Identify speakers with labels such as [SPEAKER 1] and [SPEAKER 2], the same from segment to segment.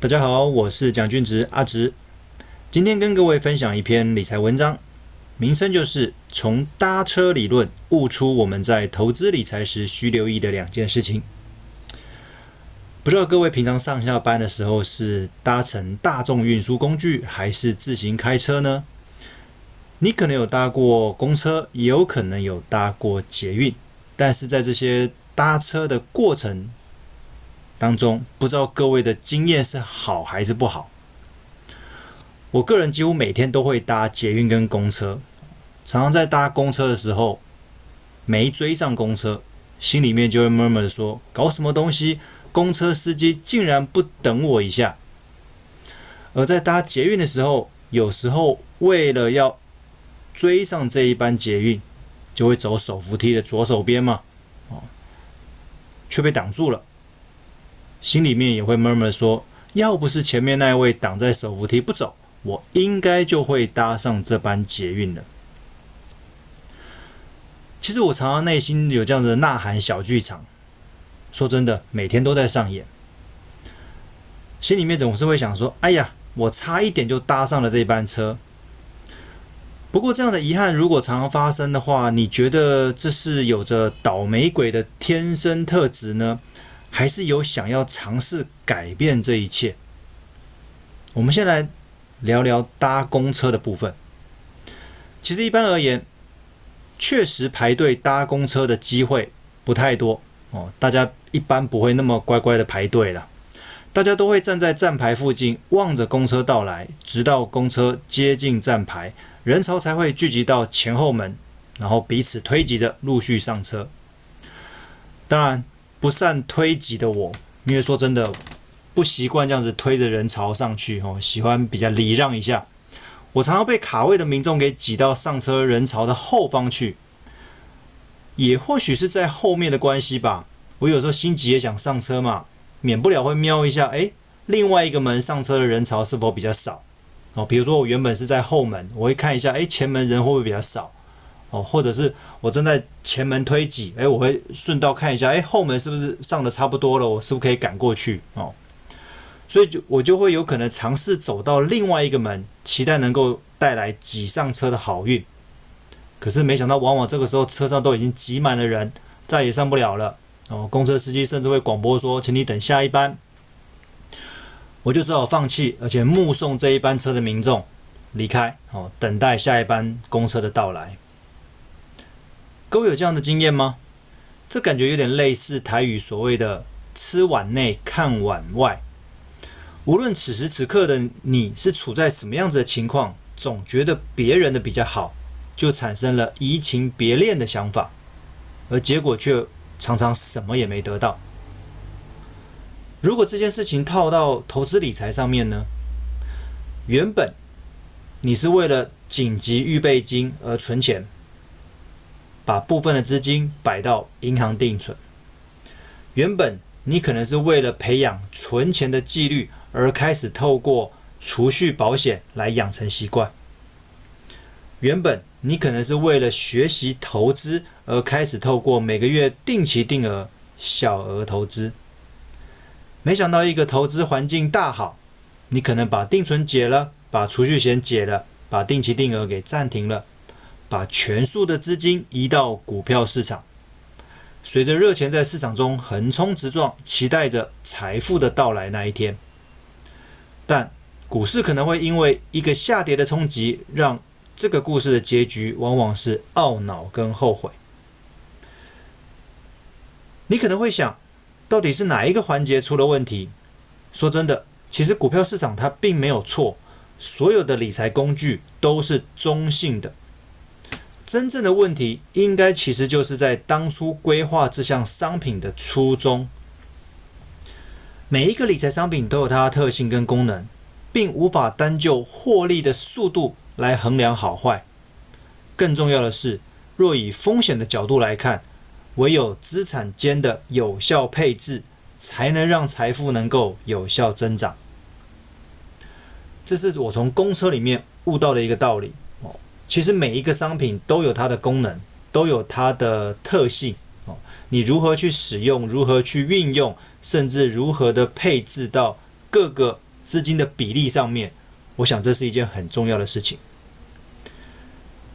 [SPEAKER 1] 大家好，我是蔣俊直，阿直。今天跟各位分享一篇理財文章，名稱就是從搭車理論悟出我們在投資理財時需留意的兩件事情。不知道各位平常上下班的時候是搭乘大眾運輸工具，還是自行開車呢？你可能有搭過公車，也有可能有搭過捷運，但是在這些搭車的過程當中不知道各位的經驗是好還是不好。我個人幾乎每天都會搭捷運跟公車，常常在搭公車的時候沒追上公車，心裡面就會 murmur 說搞什麼東西，公車司機竟然不等我一下。而在搭捷運的時候，有時候為了要追上這一班捷運，就會走手扶梯的左手邊嘛，哦，卻被擋住了。心裡面也會默默說：“要不是前面那位擋在手扶梯不走，我應該就會搭上這班捷運了。”其實我常常內心有這樣子的吶喊小劇場，說真的，每天都在上演。心裡面總是會想說：“哎呀，我差一點就搭上了這班車。”不過這樣的遺憾如果常常發生的話，你覺得這是有着倒霉鬼的天生特質呢？還是有想要嘗試改變這一切？我們先來聊聊搭公車的部分。其實一般而言，確實排隊搭公車的機會不太多哦，大家一般不會那麼乖乖的排隊了。大家都會站在站牌附近，望着公車到來，直到公車接近站牌，人潮才會聚集到前後門，然後彼此推擠的陸續上車。當然。不善推擠的我，因為說真的，不習慣這樣子推着人潮上去，哦，喜歡比較禮讓一下。我常常被卡位的民眾給擠到上車人潮的後方去。也或許是在後面的關係吧，我有時候心急也想上車嘛，免不了會瞄一下，哎，另外一個門上車的人潮是否比較少？哦，比如說我原本是在後門，我會看一下，哎，前門人會不會比較少？哦，或者是我正在前門推擠，哎、欸，我會順道看一下，哎、欸，後門是不是上的差不多了？我是不是可以趕過去？哦，所以就我就會有可能嘗試走到另外一個門，期待能夠帶來擠上車的好運。可是沒想到，往往這個時候車上都已經擠滿了人，再也上不了了。哦，公車司機甚至會廣播說：“請你等下一班。”我就只好放棄，而且目送這一班車的民眾離開。哦，等待下一班公車的到來。各位有這樣的經驗嗎？這感覺有點類似台語所謂的“吃碗內看碗外”。無論此時此刻的你是處在什麼樣子的情況，總覺得別人的比較好，就產生了移情別戀的想法，而結果卻常常什麼也沒得到。如果這件事情套到投資理財上面呢？原本你是為了緊急預備金而存錢。把部分的資金擺到銀行定存，原本你可能是為了培養存錢的紀律而開始透過儲蓄保險來養成習慣，原本你可能是為了學習投資而開始透過每個月定期定額小額投資，沒想到一個投資環境大好，你可能把定存解了，把儲蓄險解了，把定期定額給暫停了。把全數的資金移到股票市場，隨着熱錢在市場中橫衝直撞，期待着財富的到來那一天。但股市可能會因為一個下跌的衝擊，讓這個故事的結局往往是懊惱跟後悔。你可能會想，到底是哪一個環節出了問題？說真的，其實股票市場它並沒有錯，所有的理財工具都是中性的。真正的問題，應該其實就是在當初規劃這項商品的初衷。每一個理財商品都有它的特性跟功能，並無法單就獲利的速度來衡量好壞。更重要的是，若以風險的角度來看，唯有資產間的有效配置，才能讓財富能夠有效增長。這是我從公車裡面悟到的一個道理。其實每一個商品都有它的功能，都有它的特性。你如何去使用，如何去運用，甚至如何的配置到各個資金的比例上面，我想這是一件很重要的事情。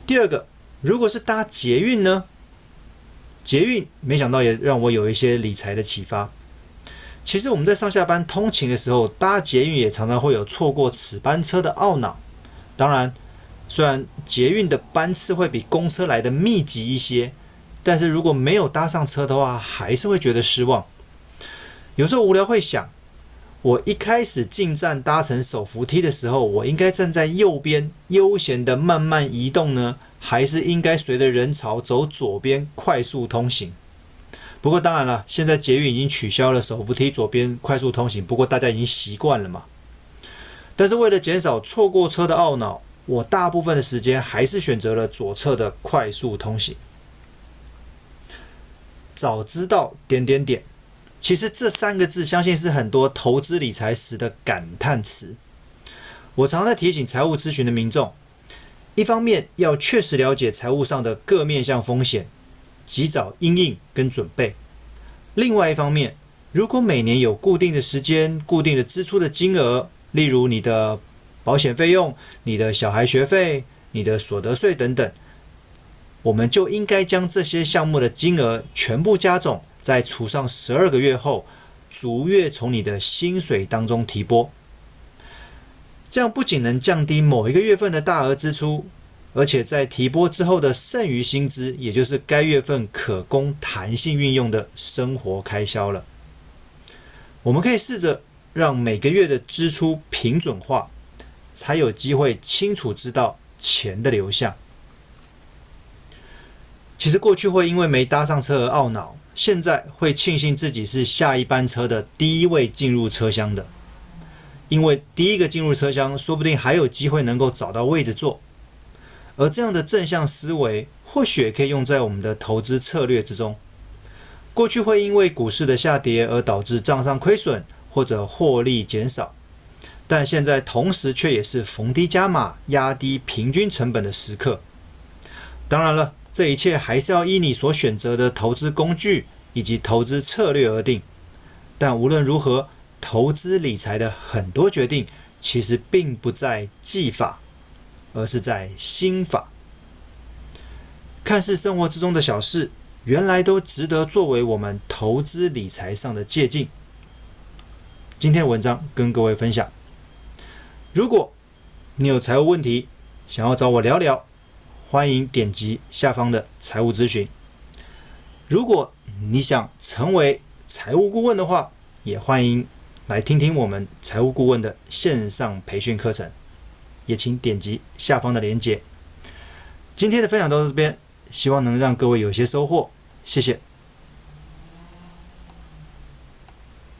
[SPEAKER 1] 第二個，如果是搭捷運呢？捷運沒想到也讓我有一些理財的啟發。其實我們在上下班通勤的時候搭捷運，也常常會有錯過此班車的懊惱。當然。雖然捷運的班次會比公車來得密集一些，但是如果沒有搭上車的話，還是會覺得失望。有時候無聊會想，我一開始進站搭乘手扶梯的時候，我應該站在右邊悠閒的慢慢移動呢，還是應該隨着人潮走左邊快速通行？不過當然了，現在捷運已經取消了手扶梯左邊快速通行，不過大家已經習慣了嘛。但是為了減少錯過車的懊惱。我大部分的時間還是選擇了左側的快速通行。早知道點點點，其實這三個字，相信是很多投資理財時的感嘆詞。我常在提醒財務諮詢的民眾，一方面要確實了解財務上的各面向風險，及早因應跟準備；另外一方面，如果每年有固定的時間、固定的支出的金額，例如你的。保險費用、你的小孩學費、你的所得稅等等，我們就應該將這些項目的金額全部加總，再除上十二個月後，逐月從你的薪水當中提撥。這樣不僅能降低某一個月份的大額支出，而且在提撥之後的剩餘薪資，也就是該月份可供彈性運用的生活開銷了。我們可以試着讓每個月的支出平準化，才有機會清楚知道錢的流向。其實過去會因為沒搭上車而懊惱，現在會慶幸自己是下一班車的第一位進入車廂的，因為第一個進入車廂，說不定還有機會能夠找到位置坐。而這樣的正向思維，或許也可以用在我們的投資策略之中。過去會因為股市的下跌而導致賬上虧損或者獲利減少。但現在同時卻也是逢低加碼、壓低平均成本的時刻。當然了，這一切還是要依你所選擇的投資工具以及投資策略而定。但無論如何，投資理財的很多決定其實並不在技法，而是在心法。看似生活之中的小事，原來都值得作為我們投資理財上的借鑑。今天的文章跟各位分享。如果你有財務問題，想要找我聊聊，歡迎點擊下方的財務諮詢。如果你想成為財務顧問的話，也歡迎來聽聽我們財務顧問的線上培訓課程，也請點擊下方的鏈接。今天的分享到這邊，希望能讓各位有些收穫，謝謝。